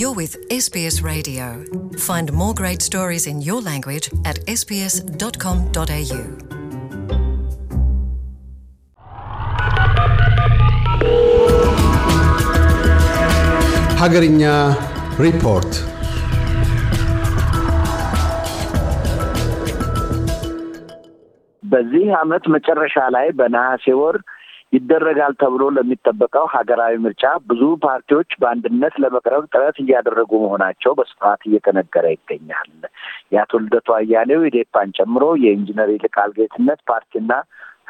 You're with SBS Radio. Find more great stories in your language at sbs.com.au. ሀገርኛ ሪፖርት በዚህ ዓመት መጨረሻ ላይ በነሐሴ ወር ይደረጋል ተብሎ ለሚጠበቀው ሀገራዊ ምርጫ ብዙ ፓርቲዎች በአንድነት ለመቅረብ ጥረት እያደረጉ መሆናቸው በስፋት እየተነገረ ይገኛል። የአቶ ልደቱ አያሌው ኢዴፓን ጨምሮ የኢንጂነር ይልቃል ጌትነት ፓርቲና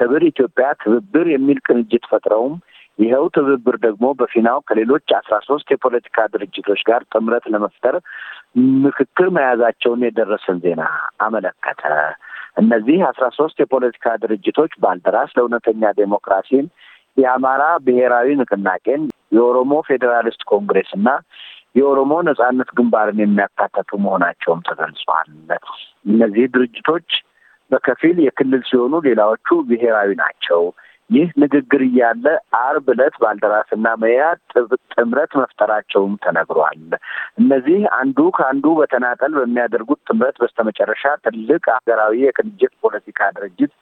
ህብር ኢትዮጵያ ትብብር የሚል ቅንጅት ፈጥረውም ይኸው ትብብር ደግሞ በፊናው ከሌሎች አስራ ሶስት የፖለቲካ ድርጅቶች ጋር ጥምረት ለመፍጠር ምክክር መያዛቸውን የደረሰን ዜና አመለከተ። እነዚህ አስራ ሶስት የፖለቲካ ድርጅቶች ባልደራስ ለእውነተኛ ዴሞክራሲን፣ የአማራ ብሔራዊ ንቅናቄን፣ የኦሮሞ ፌዴራሊስት ኮንግሬስ እና የኦሮሞ ነጻነት ግንባርን የሚያካተቱ መሆናቸውም ተገልጿል። እነዚህ ድርጅቶች በከፊል የክልል ሲሆኑ ሌላዎቹ ብሔራዊ ናቸው። ይህ ንግግር እያለ አርብ ዕለት ባልደራስና መያድ ጥምረት መፍጠራቸውም ተነግሯል። እነዚህ አንዱ ከአንዱ በተናጠል በሚያደርጉት ጥምረት በስተመጨረሻ ትልቅ ሀገራዊ የቅንጅት ፖለቲካ ድርጅት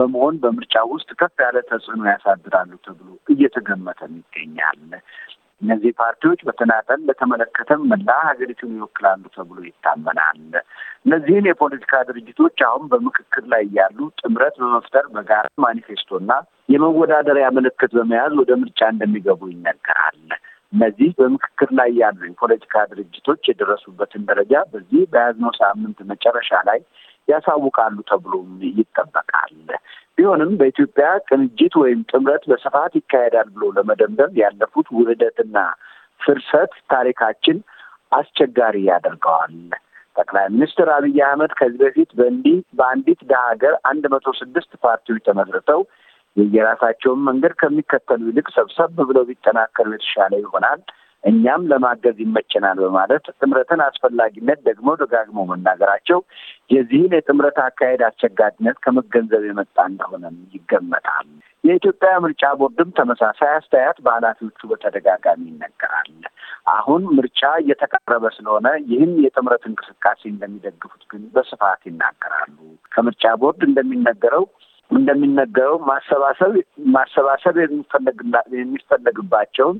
በመሆን በምርጫ ውስጥ ከፍ ያለ ተጽዕኖ ያሳድራሉ ተብሎ እየተገመተም ይገኛል። እነዚህ ፓርቲዎች በተናጠል በተመለከተም መላ ሀገሪቱን ይወክላሉ ተብሎ ይታመናል። እነዚህን የፖለቲካ ድርጅቶች አሁን በምክክር ላይ ያሉ ጥምረት በመፍጠር በጋራ ማኒፌስቶና የመወዳደሪያ ምልክት በመያዝ ወደ ምርጫ እንደሚገቡ ይነገራል። እነዚህ በምክክር ላይ ያሉ የፖለቲካ ድርጅቶች የደረሱበትን ደረጃ በዚህ በያዝነው ሳምንት መጨረሻ ላይ ያሳውቃሉ ተብሎም ይጠበቃል። ቢሆንም በኢትዮጵያ ቅንጅት ወይም ጥምረት በስፋት ይካሄዳል ብሎ ለመደምደም ያለፉት ውህደትና ፍርሰት ታሪካችን አስቸጋሪ ያደርገዋል። ጠቅላይ ሚኒስትር አብይ አህመድ ከዚህ በፊት በእንዲህ በአንዲት ድሀ ሀገር አንድ መቶ ስድስት ፓርቲዎች ተመስርተው የየራሳቸውን መንገድ ከሚከተሉ ይልቅ ሰብሰብ ብለው ቢጠናከሩ የተሻለ ይሆናል እኛም ለማገዝ ይመቸናል በማለት ጥምረትን አስፈላጊነት ደግሞ ደጋግሞ መናገራቸው የዚህን የጥምረት አካሄድ አስቸጋሪነት ከመገንዘብ የመጣ እንደሆነም ይገመታል። የኢትዮጵያ ምርጫ ቦርድም ተመሳሳይ አስተያየት በኃላፊዎቹ በተደጋጋሚ ይነገራል። አሁን ምርጫ እየተቀረበ ስለሆነ ይህን የጥምረት እንቅስቃሴ እንደሚደግፉት ግን በስፋት ይናገራሉ። ከምርጫ ቦርድ እንደሚነገረው እንደሚነገረው ማሰባሰብ ማሰባሰብ የሚፈለግባቸውን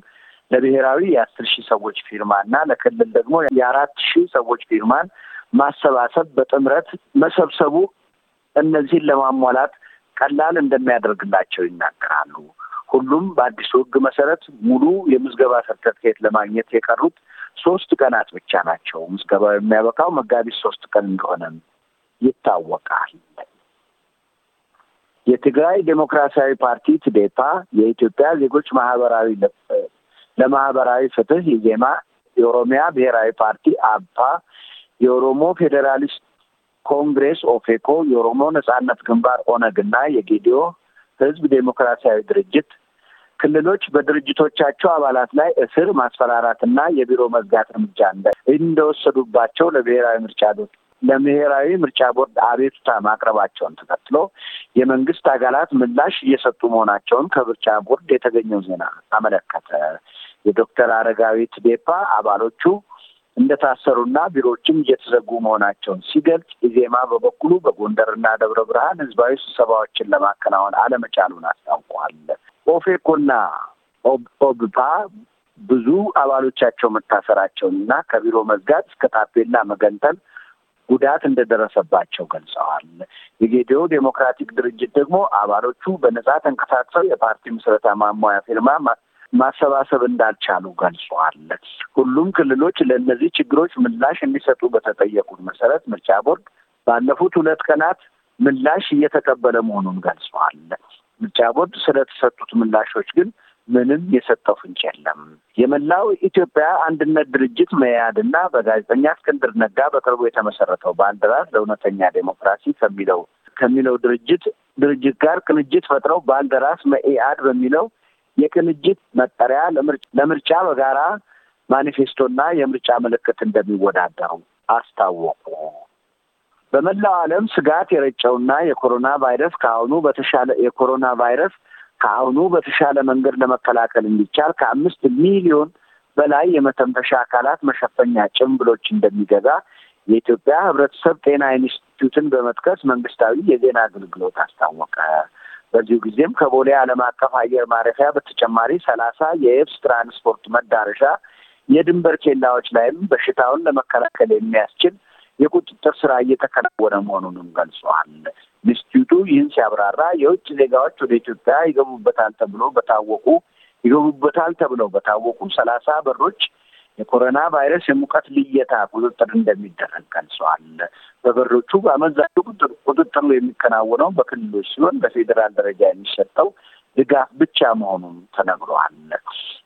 ለብሔራዊ የአስር ሺህ ሰዎች ፊርማ እና ለክልል ደግሞ የአራት ሺህ ሰዎች ፊርማን ማሰባሰብ በጥምረት መሰብሰቡ እነዚህን ለማሟላት ቀላል እንደሚያደርግላቸው ይናገራሉ። ሁሉም በአዲሱ ሕግ መሰረት ሙሉ የምዝገባ ሰርተፍኬት ለማግኘት የቀሩት ሶስት ቀናት ብቻ ናቸው። ምዝገባው የሚያበቃው መጋቢት ሶስት ቀን እንደሆነም ይታወቃል። የትግራይ ዴሞክራሲያዊ ፓርቲ ትዴፓ፣ የኢትዮጵያ ዜጎች ማህበራዊ ለማህበራዊ ፍትህ የዜማ የኦሮሚያ ብሔራዊ ፓርቲ አባ፣ የኦሮሞ ፌዴራሊስት ኮንግሬስ ኦፌኮ፣ የኦሮሞ ነጻነት ግንባር ኦነግ እና የጌዲዮ ህዝብ ዴሞክራሲያዊ ድርጅት ክልሎች በድርጅቶቻቸው አባላት ላይ እስር ማስፈራራትና የቢሮ መዝጋት እርምጃ እንደወሰዱባቸው ለብሔራዊ ምርጫ ለብሔራዊ ምርጫ ቦርድ አቤቱታ ማቅረባቸውን ተከትሎ የመንግስት አካላት ምላሽ እየሰጡ መሆናቸውን ከምርጫ ቦርድ የተገኘው ዜና አመለከተ። የዶክተር አረጋዊ ትዴፓ አባሎቹ እንደታሰሩና ቢሮዎችም እየተዘጉ መሆናቸውን ሲገልጽ፣ ኢዜማ በበኩሉ በጎንደርና ደብረ ብርሃን ህዝባዊ ስብሰባዎችን ለማከናወን አለመቻሉን አስታውቋል። ኦፌኮና ኦብፓ ብዙ አባሎቻቸው መታሰራቸውን እና ከቢሮ መዝጋት እስከ ታፔላ መገንጠል ጉዳት እንደደረሰባቸው ገልጸዋል። የጌዲዮ ዴሞክራቲክ ድርጅት ደግሞ አባሎቹ በነጻ ተንቀሳቅሰው የፓርቲ ምስረታ ማሟያ ፊርማ ማሰባሰብ እንዳልቻሉ ገልጿል። ሁሉም ክልሎች ለእነዚህ ችግሮች ምላሽ እንዲሰጡ በተጠየቁት መሰረት ምርጫ ቦርድ ባለፉት ሁለት ቀናት ምላሽ እየተቀበለ መሆኑን ገልጿል። ምርጫ ቦርድ ስለተሰጡት ምላሾች ግን ምንም የሰጠው ፍንጭ የለም። የመላው ኢትዮጵያ አንድነት ድርጅት መያድና በጋዜጠኛ እስክንድር ነጋ በቅርቡ የተመሰረተው ባልደራስ ለእውነተኛ ዴሞክራሲ ከሚለው ከሚለው ድርጅት ድርጅት ጋር ቅንጅት ፈጥረው ባልደራስ መኢአድ በሚለው የቅንጅት መጠሪያ ለምርጫ በጋራ ማኒፌስቶና የምርጫ ምልክት እንደሚወዳደሩ አስታወቁ። በመላው ዓለም ስጋት የረጨውና የኮሮና ቫይረስ ከአሁኑ በተሻለ የኮሮና ቫይረስ ከአሁኑ በተሻለ መንገድ ለመከላከል እንዲቻል ከአምስት ሚሊዮን በላይ የመተንፈሻ አካላት መሸፈኛ ጭንብሎች እንደሚገዛ የኢትዮጵያ ሕብረተሰብ ጤና ኢንስቲትዩትን በመጥቀስ መንግስታዊ የዜና አገልግሎት አስታወቀ። በዚሁ ጊዜም ከቦሌ ዓለም አቀፍ አየር ማረፊያ በተጨማሪ ሰላሳ የየብስ ትራንስፖርት መዳረሻ የድንበር ኬላዎች ላይም በሽታውን ለመከላከል የሚያስችል የቁጥጥር ስራ እየተከናወነ መሆኑንም ገልጸዋል። ኢንስቲትዩቱ ይህን ሲያብራራ የውጭ ዜጋዎች ወደ ኢትዮጵያ ይገቡበታል ተብሎ በታወቁ ይገቡበታል ተብለው በታወቁ ሰላሳ በሮች የኮሮና ቫይረስ የሙቀት ልየታ ቁጥጥር እንደሚደረግ ገልጸዋል። በበሮቹ በአመዛኙ ቁጥጥሩ የሚከናወነው በክልሎች ሲሆን በፌዴራል ደረጃ የሚሰጠው ድጋፍ ብቻ መሆኑን ተነግረዋል።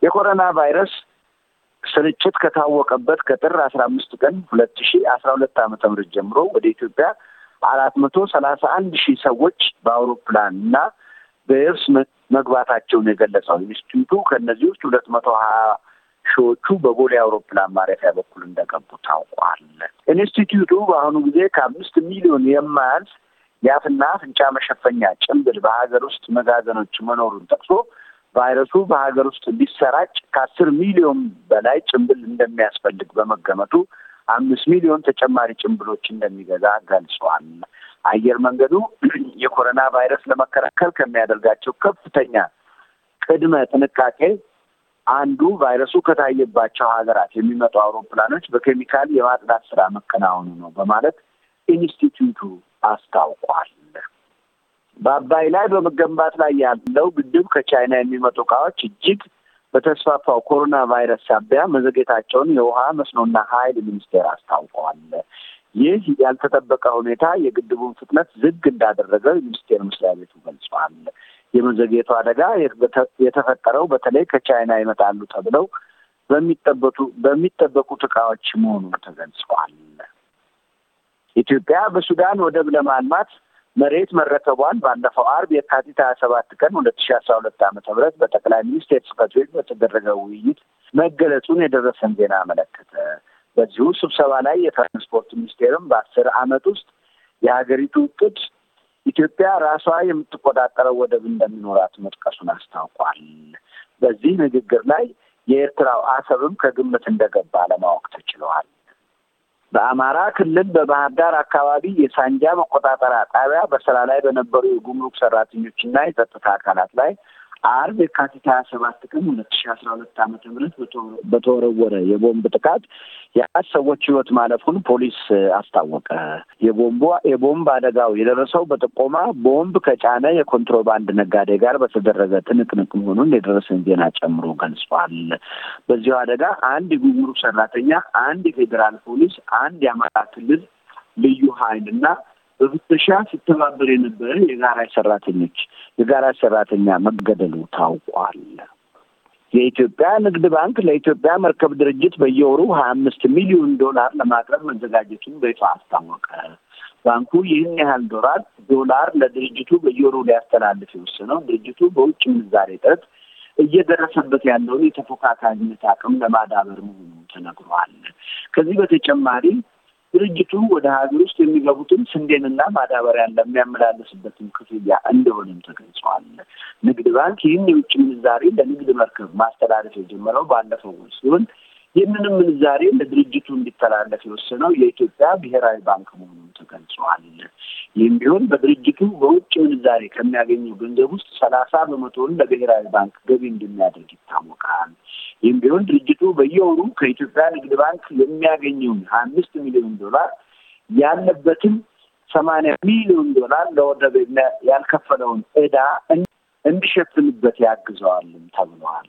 የኮሮና ቫይረስ ስርጭት ከታወቀበት ከጥር አስራ አምስት ቀን ሁለት ሺ አስራ ሁለት ዓመተ ምህረት ጀምሮ ወደ ኢትዮጵያ አራት መቶ ሰላሳ አንድ ሺህ ሰዎች በአውሮፕላን እና በየብስ መግባታቸውን የገለጸው ኢንስቲቱቱ ከእነዚህ ውስጥ ሁለት መቶ ሀያ ሺዎቹ በቦሌ አውሮፕላን ማረፊያ በኩል እንደገቡ ታውቋል። ኢንስቲቱቱ በአሁኑ ጊዜ ከአምስት ሚሊዮን የማያንስ የአፍና አፍንጫ መሸፈኛ ጭንብል በሀገር ውስጥ መጋዘኖች መኖሩን ጠቅሶ ቫይረሱ በሀገር ውስጥ ቢሰራጭ ከአስር ሚሊዮን በላይ ጭንብል እንደሚያስፈልግ በመገመቱ አምስት ሚሊዮን ተጨማሪ ጭንብሎች እንደሚገዛ ገልጿል። አየር መንገዱ የኮሮና ቫይረስ ለመከላከል ከሚያደርጋቸው ከፍተኛ ቅድመ ጥንቃቄ አንዱ ቫይረሱ ከታየባቸው ሀገራት የሚመጡ አውሮፕላኖች በኬሚካል የማጽዳት ስራ መከናወኑ ነው በማለት ኢንስቲትዩቱ አስታውቋል። በአባይ ላይ በመገንባት ላይ ያለው ግድብ ከቻይና የሚመጡ እቃዎች እጅግ በተስፋፋው ኮሮና ቫይረስ ሳቢያ መዘግየታቸውን የውሃ መስኖና ኃይል ሚኒስቴር አስታውቀዋል። ይህ ያልተጠበቀ ሁኔታ የግድቡን ፍጥነት ዝግ እንዳደረገው የሚኒስቴር መስሪያ ቤቱ ገልጿል። የመዘግየቱ አደጋ የተፈጠረው በተለይ ከቻይና ይመጣሉ ተብለው በሚጠበቱ በሚጠበቁት እቃዎች መሆኑ ተገልጿል። ኢትዮጵያ በሱዳን ወደብ ለማልማት መሬት መረከቧን ባለፈው አርብ የካቲት ሀያ ሰባት ቀን ሁለት ሺ አስራ ሁለት ዓመተ ምህረት በጠቅላይ ሚኒስቴር ጽሕፈት ቤት በተደረገ ውይይት መገለጹን የደረሰን ዜና አመለከተ። በዚሁ ስብሰባ ላይ የትራንስፖርት ሚኒስቴርም በአስር ዓመት ውስጥ የሀገሪቱ እቅድ ኢትዮጵያ ራሷ የምትቆጣጠረው ወደብ እንደሚኖራት መጥቀሱን አስታውቋል። በዚህ ንግግር ላይ የኤርትራው አሰብም ከግምት እንደገባ ለማወቅ ተችለዋል። በአማራ ክልል በባህር ዳር አካባቢ የሳንጃ መቆጣጠሪያ ጣቢያ በስራ ላይ በነበሩ የጉምሩክ ሰራተኞችና የጸጥታ አካላት ላይ አርብ የካቲት ሀያ ሰባት ቀን ሁለት ሺ አስራ ሁለት ዓመተ ምህረት በተወረወረ የቦምብ ጥቃት የአራት ሰዎች ህይወት ማለፉን ፖሊስ አስታወቀ። የቦምቡ የቦምብ አደጋው የደረሰው በጥቆማ ቦምብ ከጫነ የኮንትሮባንድ ነጋዴ ጋር በተደረገ ትንቅንቅ መሆኑን የደረሰን ዜና ጨምሮ ገልጿል። በዚሁ አደጋ አንድ የጉምሩክ ሰራተኛ፣ አንድ የፌዴራል ፖሊስ፣ አንድ የአማራ ክልል ልዩ ኃይል እና በፍተሻ ሲተባበር የነበረ የጋራ ሰራተኞች የጋራ ሰራተኛ መገደሉ ታውቋል። የኢትዮጵያ ንግድ ባንክ ለኢትዮጵያ መርከብ ድርጅት በየወሩ ሀያ አምስት ሚሊዮን ዶላር ለማቅረብ መዘጋጀቱን በይፋ አስታወቀ። ባንኩ ይህን ያህል ዶላር ዶላር ለድርጅቱ በየወሩ ሊያስተላልፍ የወሰነው ድርጅቱ በውጭ ምንዛሬ እጥረት እየደረሰበት ያለውን የተፎካካሪነት አቅም ለማዳበር መሆኑ ተነግሯል። ከዚህ በተጨማሪ ድርጅቱ ወደ ሀገር ውስጥ የሚገቡትን ስንዴንና ማዳበሪያን ለሚያመላለስበትን ክፍያ እንደሆነም ተገልጸዋል። ንግድ ባንክ ይህን የውጭ ምንዛሬ ለንግድ መርከብ ማስተላለፍ የጀመረው ባለፈው ሲሆን ይህንንም ምንዛሬ ለድርጅቱ እንዲተላለፍ የወሰነው የኢትዮጵያ ብሔራዊ ባንክ መሆኑን ተገልጿል። ይህም ቢሆን በድርጅቱ በውጭ ምንዛሬ ከሚያገኘው ገንዘብ ውስጥ ሰላሳ በመቶውን ለብሔራዊ ባንክ ገቢ እንደሚያደርግ ይታወቃል። ይህም ቢሆን ድርጅቱ በየወሩ ከኢትዮጵያ ንግድ ባንክ የሚያገኘውን አምስት ሚሊዮን ዶላር ያለበትን ሰማንያ ሚሊዮን ዶላር ለወደብ ያልከፈለውን እዳ እንዲሸፍንበት ያግዘዋልም ተብለዋል።